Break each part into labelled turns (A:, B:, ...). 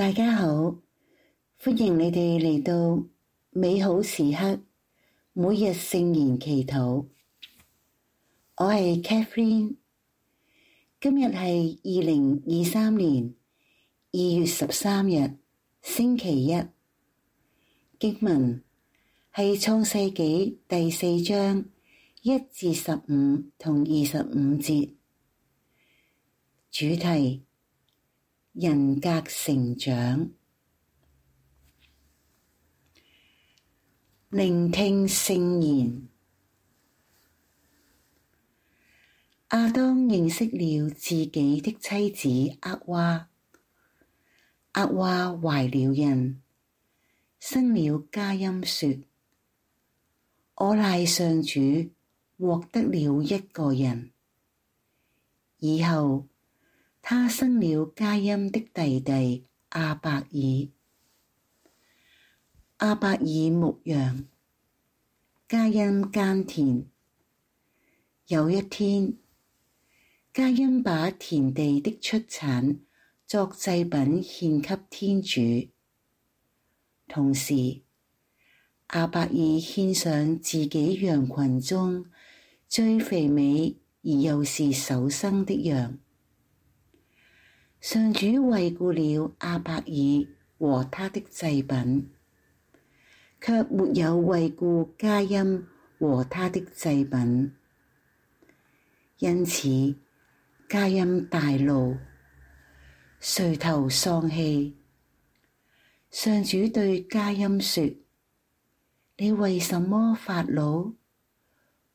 A: 大家好，歡迎你哋嚟到美好時刻每日聖言祈禱。我係 Katherine，今日係二零二三年二月十三日星期一。經文係創世紀第四章一至十五同二十五節，主題。人格成長，聆聽聖言。亞當認識了自己的妻子厄娃，厄娃懷了孕，生了加音，說：我賴上主，獲得了一個人。以後。他生了加音的弟弟亞伯爾。亞伯爾牧羊，加音耕田。有一天，加音把田地的出產作祭品獻給天主，同時亞伯爾獻上自己羊群中最肥美而又是首生的羊。上主惠顧了亞伯爾和他的祭品，卻沒有惠顧加音和他的祭品，因此加音大怒，垂頭喪氣。上主對加音說：你為什麼發怒？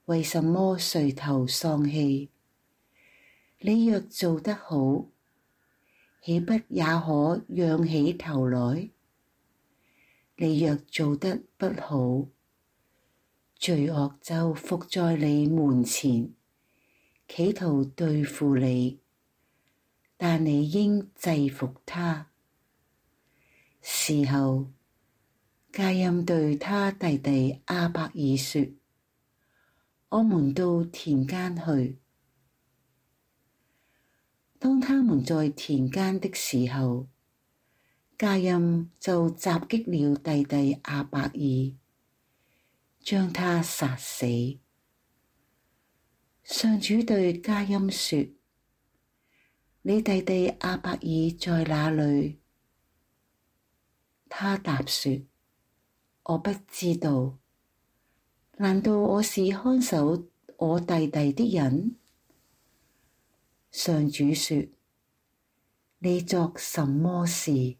A: 為什麼垂頭喪氣？你若做得好，豈不也可仰起頭來？你若做得不好，罪惡就伏在你門前，企圖對付你。但你應制服它。事後，加音對他弟弟亞伯爾說：「我們到田間去。當他們在田間的時候，加音就襲擊了弟弟亞伯爾，將他殺死。上主對加音說：你弟弟亞伯爾在哪裏？他答說：我不知道。難道我是看守我弟弟的人？上主說：你作什麼事？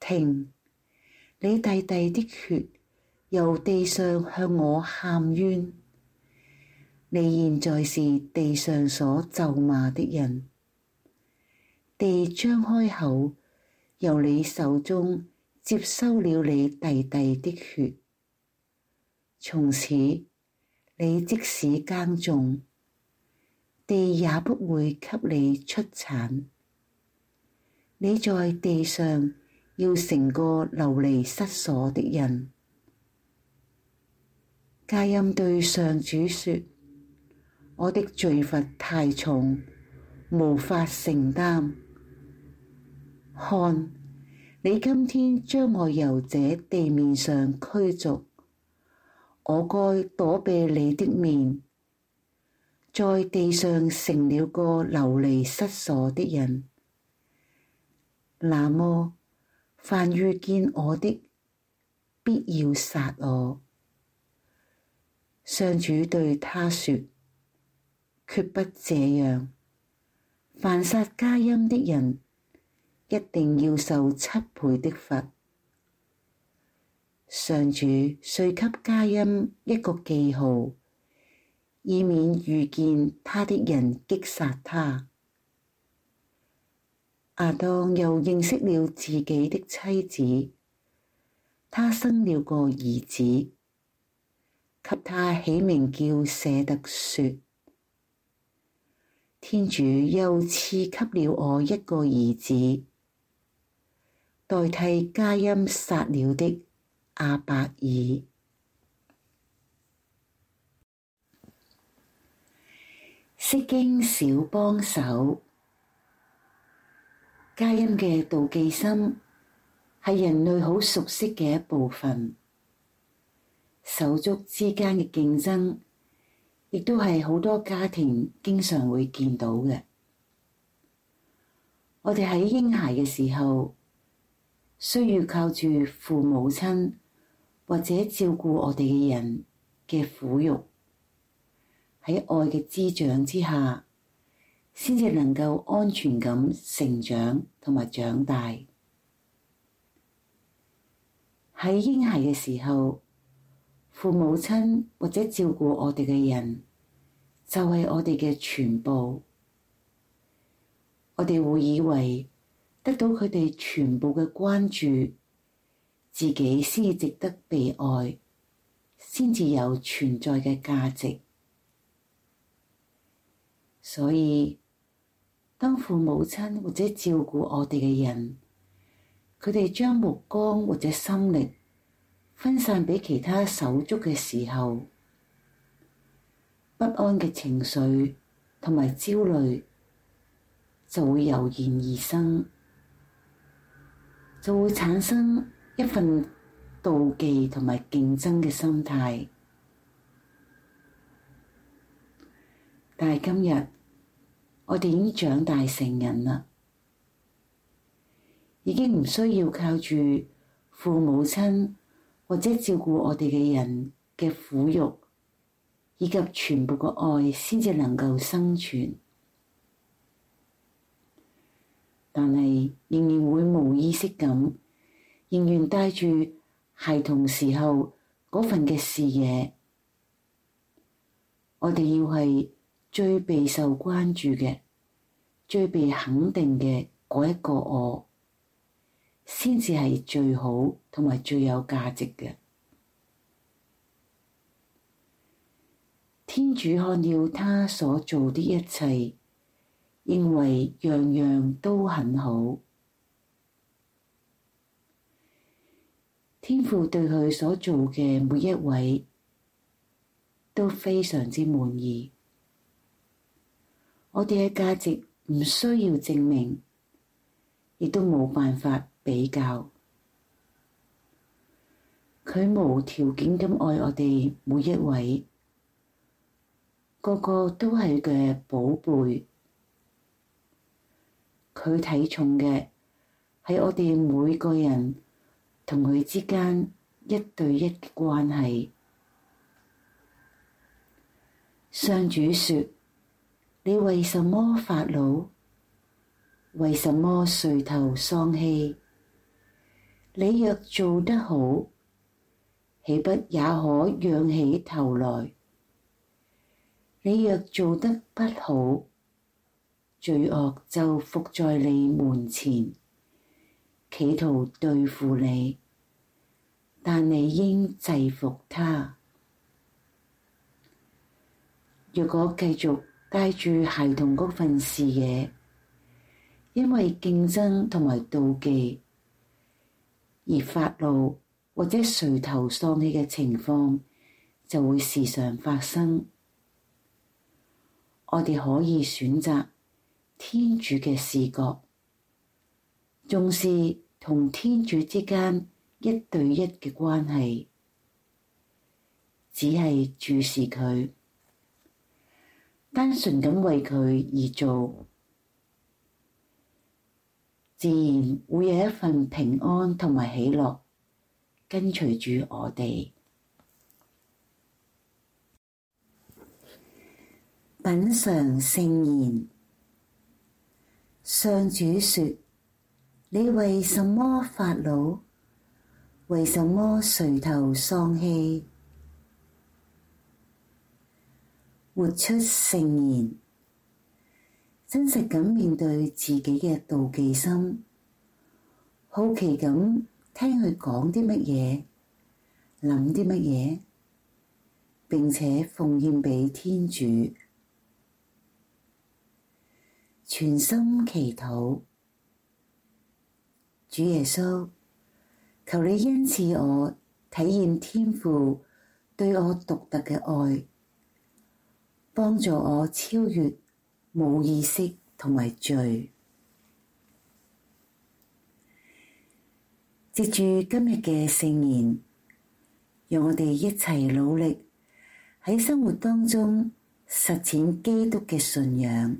A: 聽，你弟弟的血由地上向我喊冤，你現在是地上所咒罵的人，地張開口，由你手中接收了你弟弟的血，從此你即使耕種。地也不會給你出產，你在地上要成個流離失所的人。加音對上主說：我的罪罰太重，無法承擔。看，你今天將我由這地面上驅逐，我該躲避你的面。在地上成了個流離失所的人，那麼凡遇見我的，必要殺我。上主對他說：「決不這樣，凡殺加音的人，一定要受七倍的罰。」上主遂給加音一個記號。以免遇見他的人擊殺他。亞當又認識了自己的妻子，他生了個兒子，給他起名叫舍特說：天主又賜給了我一個兒子，代替加音殺了的亞伯爾。釋經小幫手，加音嘅妒忌心係人類好熟悉嘅一部分。手足之間嘅競爭，亦都係好多家庭經常會見到嘅。我哋喺嬰孩嘅時候，需要靠住父母親或者照顧我哋嘅人嘅撫育。喺愛嘅滋長之下，先至能夠安全咁成長同埋長大。喺嬰孩嘅時候，父母親或者照顧我哋嘅人就係我哋嘅全部。我哋會以為得到佢哋全部嘅關注，自己先至值得被愛，先至有存在嘅價值。所以，當父母親或者照顧我哋嘅人，佢哋將目光或者心力分散俾其他手足嘅時候，不安嘅情緒同埋焦慮就會油然而生，就會產生一份妒忌同埋競爭嘅心態。但係今日。我哋已經長大成人啦，已經唔需要靠住父母親或者照顧我哋嘅人嘅撫育，以及全部嘅愛先至能夠生存。但係仍然會無意識咁，仍然帶住孩童時候嗰份嘅視野，我哋要係。最被受關注嘅、最被肯定嘅嗰一個我，先至係最好同埋最有價值嘅。天主看了他所造的一切，認為樣樣都很好。天父對佢所造嘅每一位都非常之滿意。我哋嘅價值唔需要證明，亦都冇辦法比較。佢無條件咁愛我哋每一位，個個都係佢嘅寶貝。佢睇重嘅係我哋每個人同佢之間一對一嘅關係。上主說。你為什麼發怒？為什麼垂頭喪氣？你若做得好，豈不也可仰起頭來？你若做得不好，罪惡就伏在你門前，企圖對付你，但你應制服他。若果繼續，帶住孩童嗰份視野，因為競爭同埋妒忌而發怒或者垂頭喪氣嘅情況就會時常發生。我哋可以選擇天主嘅視角，重視同天主之間一對一嘅關係，只係注視佢。單純咁為佢而做，自然會有一份平安同埋喜樂跟隨住我哋。品嚐聖言，上主説：你為什麼發怒？為什麼垂頭喪氣？活出聖言，真實咁面對自己嘅妒忌心，好奇咁聽佢講啲乜嘢，諗啲乜嘢，並且奉獻畀天主，全心祈禱，主耶穌，求你恩賜我體驗天父對我獨特嘅愛。幫助我超越無意識同埋罪。接住今日嘅聖言，讓我哋一齊努力喺生活當中實踐基督嘅信仰。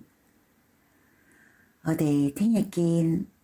A: 我哋聽日見。